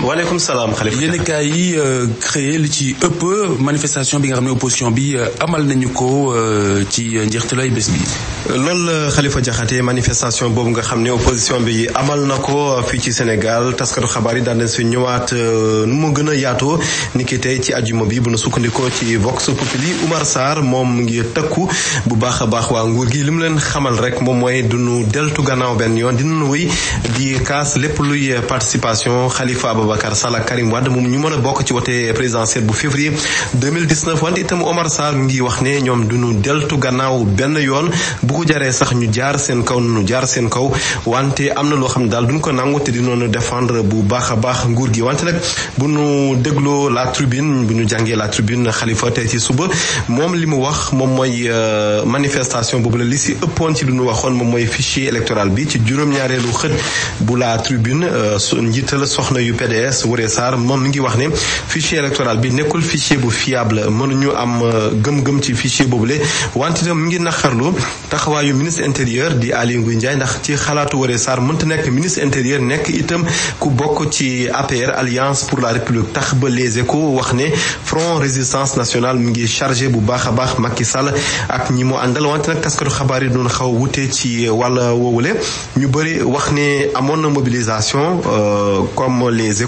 salaam. waaleykum salaam Khalifa yéen kaay yi euh, créé li ci ëpp manifestation bi nga xam ne opposition bi euh, amal nañu ko euh, ci njeextalay bés bi. loolu la Khalifa Diakhaté manifestation boobu nga xam ne opposition bi amal na ko fii ci Sénégal taskatu xabaar yi daan nañ si ñëwaat nu mu gën a yaatoo ni ki tey ci ajuma bi bu nu sukkandikoo ci Vox Populi Oumar Sarr moom mu ngi tëkku bu baax a baax waa nguur gi li mu leen xamal rek moom mooy du nu deltu gannaaw benn yoon nu wéy di kaas lépp luy participation Khalifa Ababa Ababacar Sall ak Karim Wade moom ñu mën bokk ci wote présidentielle bu février wante itam Omar Sarr ngi wax ne ñoom duñu deltu gannaaw benn yoon bu ko jaree sax ñu jaar seen kaw ñu jaar seen kaw wante am na loo xam ne daal duñ ko nangu te di dinoonu défendre bu baax a baax nguur gi wante nag bu ñu dégloo la tribune bu ñu jàngee la tribune Xalifa tey ci suba moom li mu wax moom mooy euh, manifestation boobu la li si ëppoon ci lu ñu waxoon moom mooy fichier électoral bi ci juróom-ñaareelu xët PDS Wuré Sarr moom mi ngi wax ne fichier électoral bi nekkul fichier bu fiable mënuñu am euh, gëm-gëm ci fichier boobule wante itam mi ngi naqarlu taxawaayu ministre intérieur di Aly Ngouille Ndiaye ndax ci xalaatu Wuré Sarr mënta nekk ministre intérieur nekk itam ku bokk ci APR alliance pour la république tax ba les échos wax ne front résistance nationale mu ngi chargé bu baax a baax Macky Sall ak ñi mu àndal wante nag taskatu xabaar yi doon xaw a wute ci wàll woowule ñu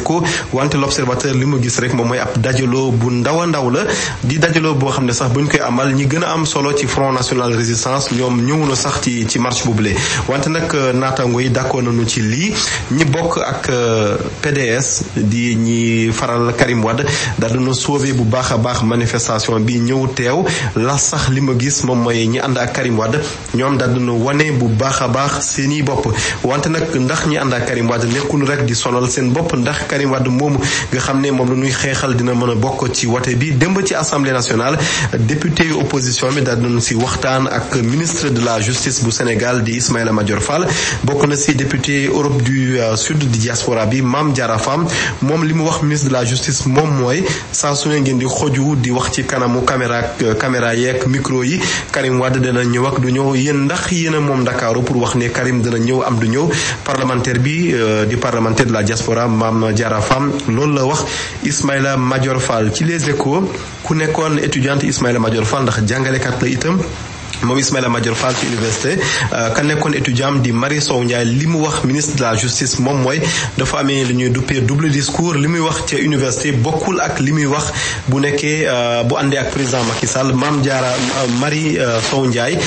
ko wante l'observateur li mu gis rek moom mooy ab dajaloo bu ndaw ndaw la di dajaloo boo xam ne sax buñ koy amal ñi gën a am solo ci front national résistance ñoom ñëw na sax ci ci marche boobule wante nag euh, naataango yi d'accord nañu ci lii ñi bokk ak euh, PDS di ñi faral Karim Wade daal bu baax a baax manifestation bi ñëw teew la sax li ma gis moom mooy ñi ànd ak Karim ñoom daal dina wane bu baax a baax seeni bopp wante nag ndax ñi ànd ak Karim Wade rek di sonal seen bopp ndax Karim moom moomu nga xam ne moom la ñuy xeexal dina mën a bokk ci wote bi démb ci assemblée nationale député yu opposition bi daal doon si waxtaan ak ministre de la justice bu Sénégal di Ismaïla Madior Fall bokk na si député Europe du euh, Sud di diaspora bi maam Diarra Fam moom li mu wax ministre de la justice moom mooy saa su ne ngeen di xoju di wax ci kanamu caméra ak euh, caméra yeeg micro yi Karim Wade dana ñëw ak du ñëw yéen ndax yéen a moom Ndakaaru pour wax ne Karim dana ñëw am du ñëw parlementaire bi euh, di parlementaire la Diarra Fam loolu la wax Ismaïla Madior Fall ci les échos ku nekkoon étudiante Ismaïla Madior Fall ndax jàngalekat la itam moom Ismaïla Madior Fall ci université euh, ka nekkoon étudiant di Marie Sow Ndiaye li mu wax ministre de la justice moom mooy dafa amee lu ñuy duppee double discours li muy wax ca université bokkul ak li muy wax bu nekkee euh, bu àndee ak président Macky Sall Mame Diarra euh, Marie Sow Ndiaye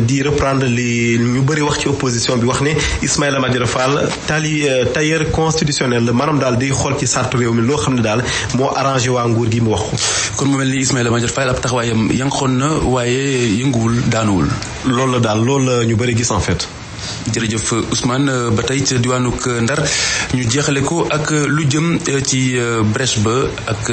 di reprendre li ñu bëri wax ci opposition bi wax ni ne Ismaïla Madior Fall tali tailleur constitutionnel la maanaam daal di xool ci sart réew mi loo xam ne daal moo arrangé waa nguur gi mu wax ko. kon mu mel ni Ismaïla Madior Fall ab taxawaayam yànqoon na waaye yënguwul daanuwul. loolu la daal loolu la ñu bëri gis en fait. jërëjëf Ousmane euh, ba tey ca diwaanuk euh, Ndar ñu jeexale ko ak euh, lu jëm ci brèche ba ak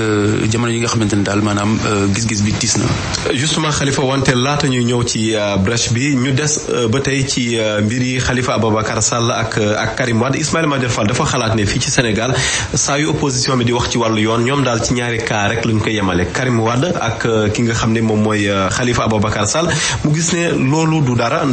jamono yi nga xamante ne daal maanaam gis-gis bi tiis na. justement xalifa wante laata ñuy ñëw ci brèche bi ñu des ba tey ci mbir xalifa Khalifa Ababacar Sall ak ak Karim Wade Ismaïla Madior Fall dafa xalaat ne fii ci Sénégal saa yu opposition bi di wax ci wàllu yoon ñoom daal ci ñaari cas rek lañ koy yemale Karim Wade ak ki nga xam ne moom mooy Khalifa Ababacar Sall mu gis ne loolu du dara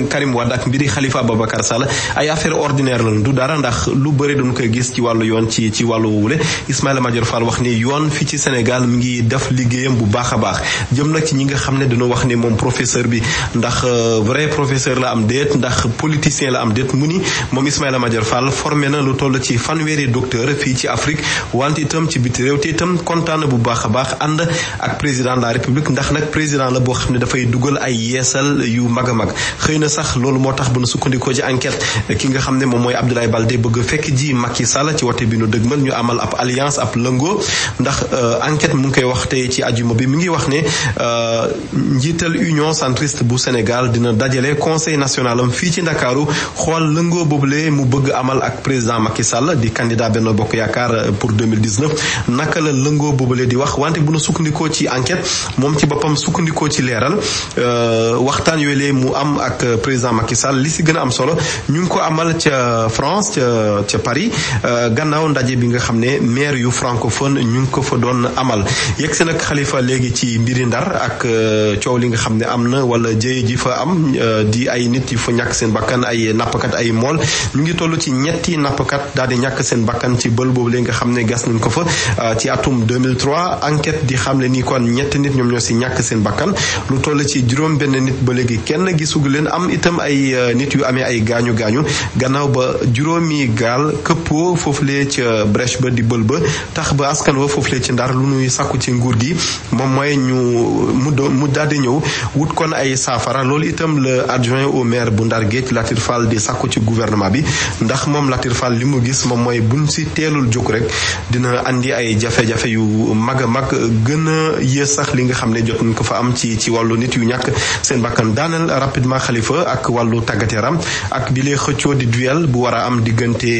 mbirum Karim Wade ak mbiri Khalifa Babacar Sall ay affaire ordinaire la du dara ndax lu bëri duñ koy gis ci wàllu yoon ci ci wàllu wule Ismaïla Madior Fall wax ni yoon fi ci Sénégal mu ngi def liggéeyam bu baax a baax jëm nag ci ñi nga xam ne dañoo wax ni moom professeur bi ndax euh, vrai professeur la am déet ndax politicien la am déet mu ni moom Ismaïla Madior Fall formé na lu toll ci fanweeri docteur fii ci Afrique wante itam ci biti réew te itam kontaan bu baax a baax ànd ak président de la ndax nag président la boo xam ne dafay dugal ay yeesal yu mag a mag sax loolu moo tax bu nu sukkandikoo ci enquête ki nga xam ne moom mooy Abdoulaye Baldé bëgg fekk ji Macky Sall ci wote bi nu dëgmal ñu amal ab alliance ab lëngoo ndax euh, enquête mu ngi koy wax tey ci ajuma bi mu ngi wax ne euh, njiital union centriste bu Sénégal dina dajale conseil national am fii ci Ndakaaru xool lëngoo boobule mu bëgg amal ak président Macky Sall di candidat Benno Bokk Yaakaar euh, pour 2019 naka la lëngoo boobule di wax wante bu nu sukkandikoo ci enquête moom ci boppam sukkandikoo ci leeral waxtaan yooyu mu am ak président Macky Sall li si gën a am solo ñu ngi ko amal ca France ca ca Paris euh, gannaaw ndaje bi nga xam ne maire yu francophone ñu ngi ko fa doon amal yegg si nag xalifa léegi ci mbiri ndar ak euh, coow li nga xam ne am na wala jëye ji fa am euh, di ay nit yu fa ñàkk seen bakkan ay nappkat ay mool ñu ngi toll ci ñetti nappkat daal di ñàkk seen bakkan ci bël boobu léegi nga xam ne gas nañ ko fa ci atum 2003 enquête di xam ne ni kon ñetti nit ñoom ñoo si ñàkk seen bakkan lu toll am itam ay euh, nit yu amee ay gaañu gaañu gannaaw ba juróomi gaal këppoo foofu lee ca brèche ba di bël ba tax ba askan wa foofu lee ci ndar lu nuy sàkku ci nguur gi moom mooy ñu mu mu daldi ñëw wut kon ay saafara loolu itam la adjoint au maire bu Ndar Géej Latir Fall di sàkku ci gouvernement bi ndax moom Latir Fall li mu gis moom mooy bun si teelul jóg rek dina indi ay jafe-jafe yu mag a mag gën a yées sax li nga xam ne jot nañ ko fa am ci ci wàllu nit yu ñàkk seen bakkan daaneel rapidement xalifa ba ak wàllu tàggat yaram ak bi lee xëccoo di duel bu war a am diggante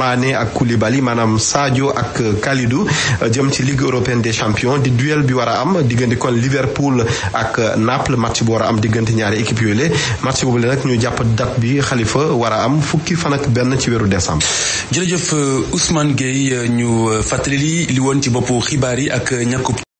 Mané ak Koulibaly maanaam Sadio ak Kalidou jëm ci Ligue européenne des champions di duel bi war a am diggante kon Liverpool ak Naples match bu war a am diggante ñaari équipe yooyu la match boobu la nag ñu jàpp date bi xalifa war am fukki fan ak benn ci weeru décembre. jërëjëf Ousmane Gueye ñu fàttali li woon ci boppu xibaar yi ak ñàkkub